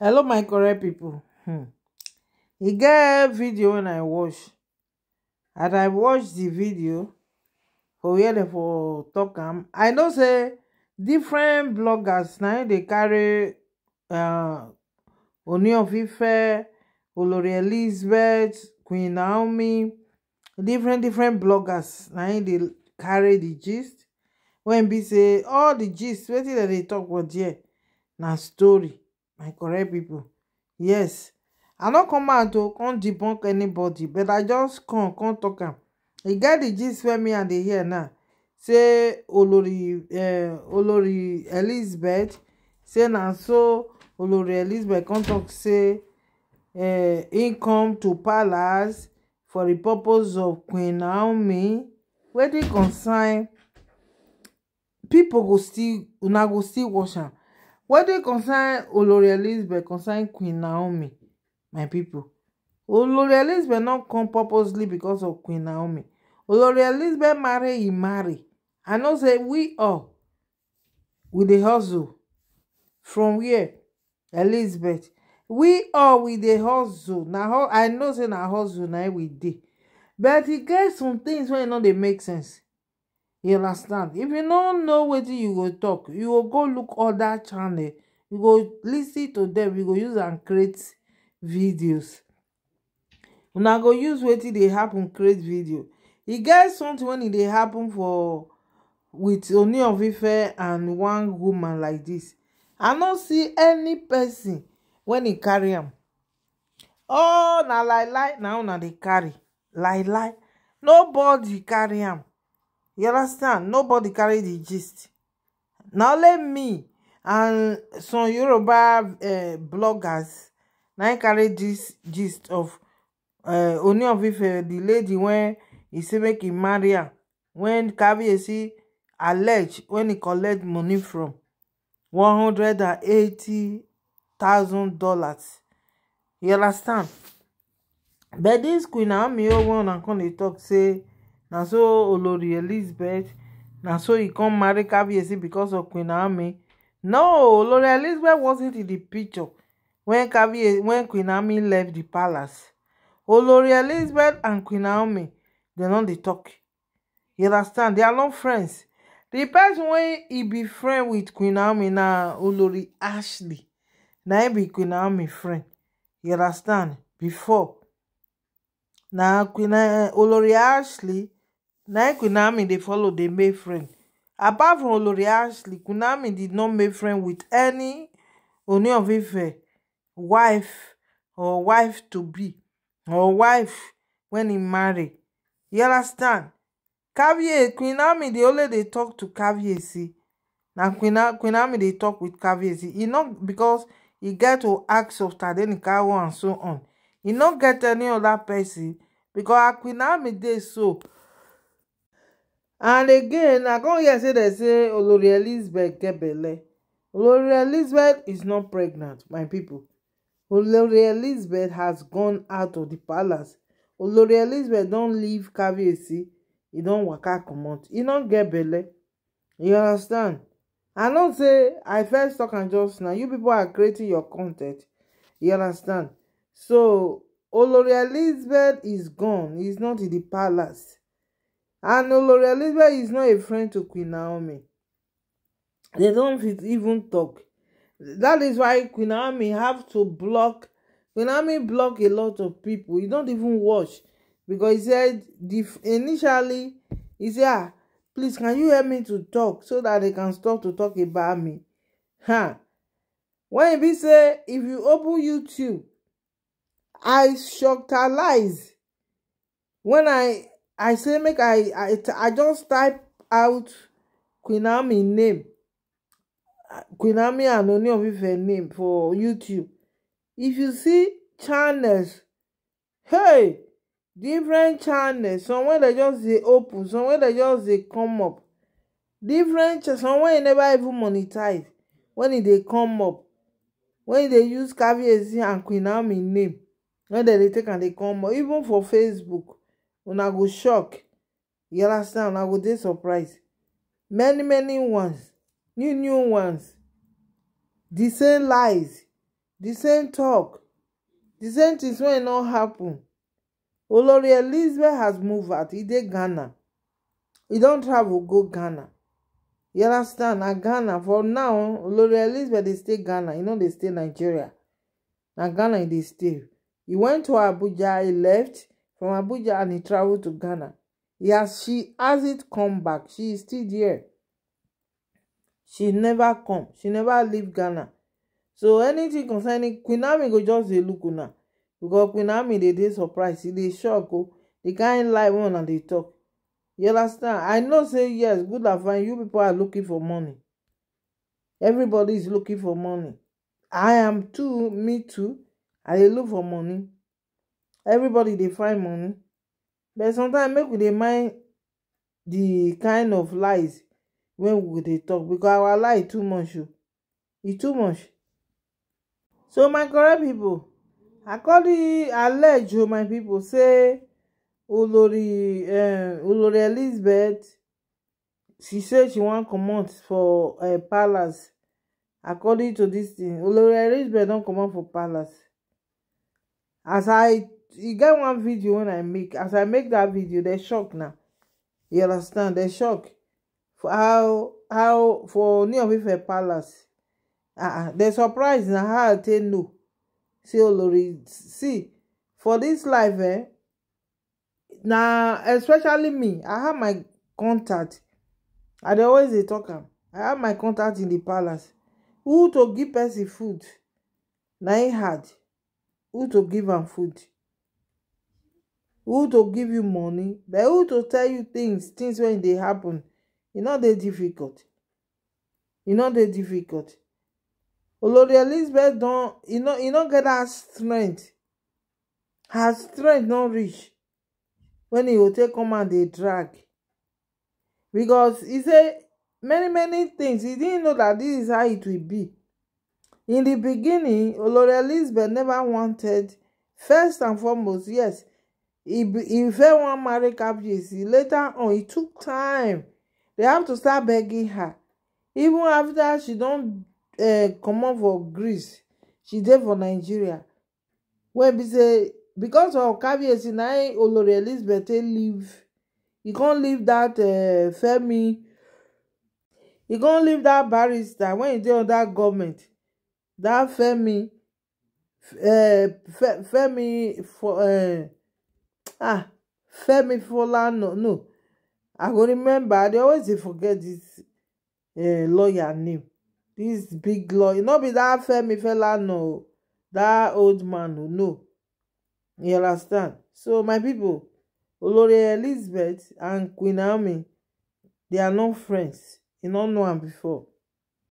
hello my correct people. hmm e get video when i watch and i watch the video for where dem for tok am i know say different bloggers Now they carry uh, of ife olori elizabeth queen naomi different different bloggers Now they carry the gist When be say all the gist wetin did they talk about here? na story my correct people, yes i no come out to come debunk anybody but i just come come talk am e get di gist wey me i dey hear now say olori eh, olori elizabeth say na so olori elizabeth come talk say eh, im come to palace for the purpose of queen naomi wey dey concern pipo go still una go still watch am wetin concern olori elizabeth concern queen naomi my people. olori elizabeth not come purposely because of queen naomi olori elizabeth marry e marry i know say we all with the hustle from where elizabeth we all with the hustle i know say na hustle na we dey but e get some things you know they make sense you understand if you no know wetin you go talk you go go look other channel you go listen to them. you go use am create videos una go use wetin dey happen create video e get something wen e dey happen for with Ooni of Ife and one woman like this i no see any person wen e carry am oh na lie lie na una dey carry lie lie nobody carry am you understand nobody carry the gist na only me and some yoruba eh, bloggers na im carry dis gist of eh, oni of ife di lady wey e say make im marry her wen kabiyesi allege wen e collect money from one hundred and eighty thousand dollars you understand but dis queen naomi one and come dey tok say na so olori elizabeth na so he come marry kabiyesi because of queen Ami. no olori elizabeth wasn't in the picture when kabiyesi when queen Ami left the palace olori elizabeth and queen Ami, dem no dey talk you understand they are not friends the person wey he be friend with queen Ami na olori ashley na im be queen Ami friend you understand before na queen uh, olori ashley na queen naomi dey follow dey make friend apart from olori ashley queen did not make friend with any Ooni of Ife wife or wife to be or wife when he marry you understand Kabiyesi queen naomi dey only dey talk to Kabiyesi na queen naomi dey talk with Kabiyesi he not because he get to ask of tadenikawo and so on He not get any other person because her queen so and again i come hear say dem say olori elizabeth get belle olori elizabeth is not pregnant my pipo olori elizabeth has gone out of di palace olori elizabeth don leave caviarcy e don waka comot e don get belle you understand i know say i first tok am just now you people are creating your content you understand so olori elizabeth is gone e is not in the palace And Olori Elizabeth is not a friend to Queen Naomi. They don't even talk. That is why Queen Naomi have to block. Queen Naomi block a lot of people. You don't even watch. Because he said, initially, he said, ah, please, can you help me to talk so that they can stop to talk about me? Huh? When he say, if you open YouTube, I shocked her lies. When I i say make i i i just type out queen name queen naomi and Ooni of name for youtube if you see channels hey different channels Somewhere they just dey open Somewhere they just dey come up different Somewhere wey never even monetize when they come up when they use Kabiyesi and Queen name when they take and they come up even for Facebook una go shock you understand una go dey surprised many many ones new new ones the same lies the same talk the same things wey no happen olori elizabeth has moved out e dey ghana e don travel go ghana you understand na ghana for now olori elizabeth dey stay ghana e no dey stay nigeria na ghana e dey stay e went to abuja e left From Abuja and he traveled to Ghana. Yes, she hasn't come back. She is still there. She never come. She never leave Ghana. So anything concerning Queen Naomi go just dey look una because Queen Naomi they dey surprise, e dey shock o. Oh. The kind lie one and dey talk. You understand? I know say yes, good and fine. You people are looking for money. Everybody is looking for money. I am too, me too. I look for money everybody they find money but sometimes make we dey mind the kind of lies when we go dey talk because our lie too much o oh. e too much so my correct I call the alleged my people say olori eh, olori elizabeth she said she wan comot for a eh, palace according to dis tin olori elizabeth don comot for palace as i you e get one video wey i make as i make dat video dem shock na you understand dem shock for how how for neefeefe palace ah dem ah, surprise na how i take know say olori lori see for dis life eh na especially me i have my contact i dey always dey talk am i have my contact in di palace who to give person food na e hard who to give am food. who to give you money but who to tell you things things when they happen e no dey difficult e no dey difficult olori elizabeth don e no e no get her strength her strength no reach When e go take come and dey drag because e say many many things e didn't know that this is how it will be in the beginning olori elizabeth never wanted first and foremost yes he be, he first wan marry Kabiyesi later on e took time they have to start begging her even after she don't uh, eh, comot for Greece she dey for Nigeria When be say because of Kabiyesi now Olori Elizabeth take leave He come leave that uh, Femi e come leave that barrister when e dey that government that Femi uh, Fe Femi for. Uh, ah Femi Falana no I go remember I dey always dey forget this uh, lawyer name this big lawyer no be that Femi Falana o that old man o no you understand so my people Olori Elizabeth and Queen Ami, they are not friends you no know am before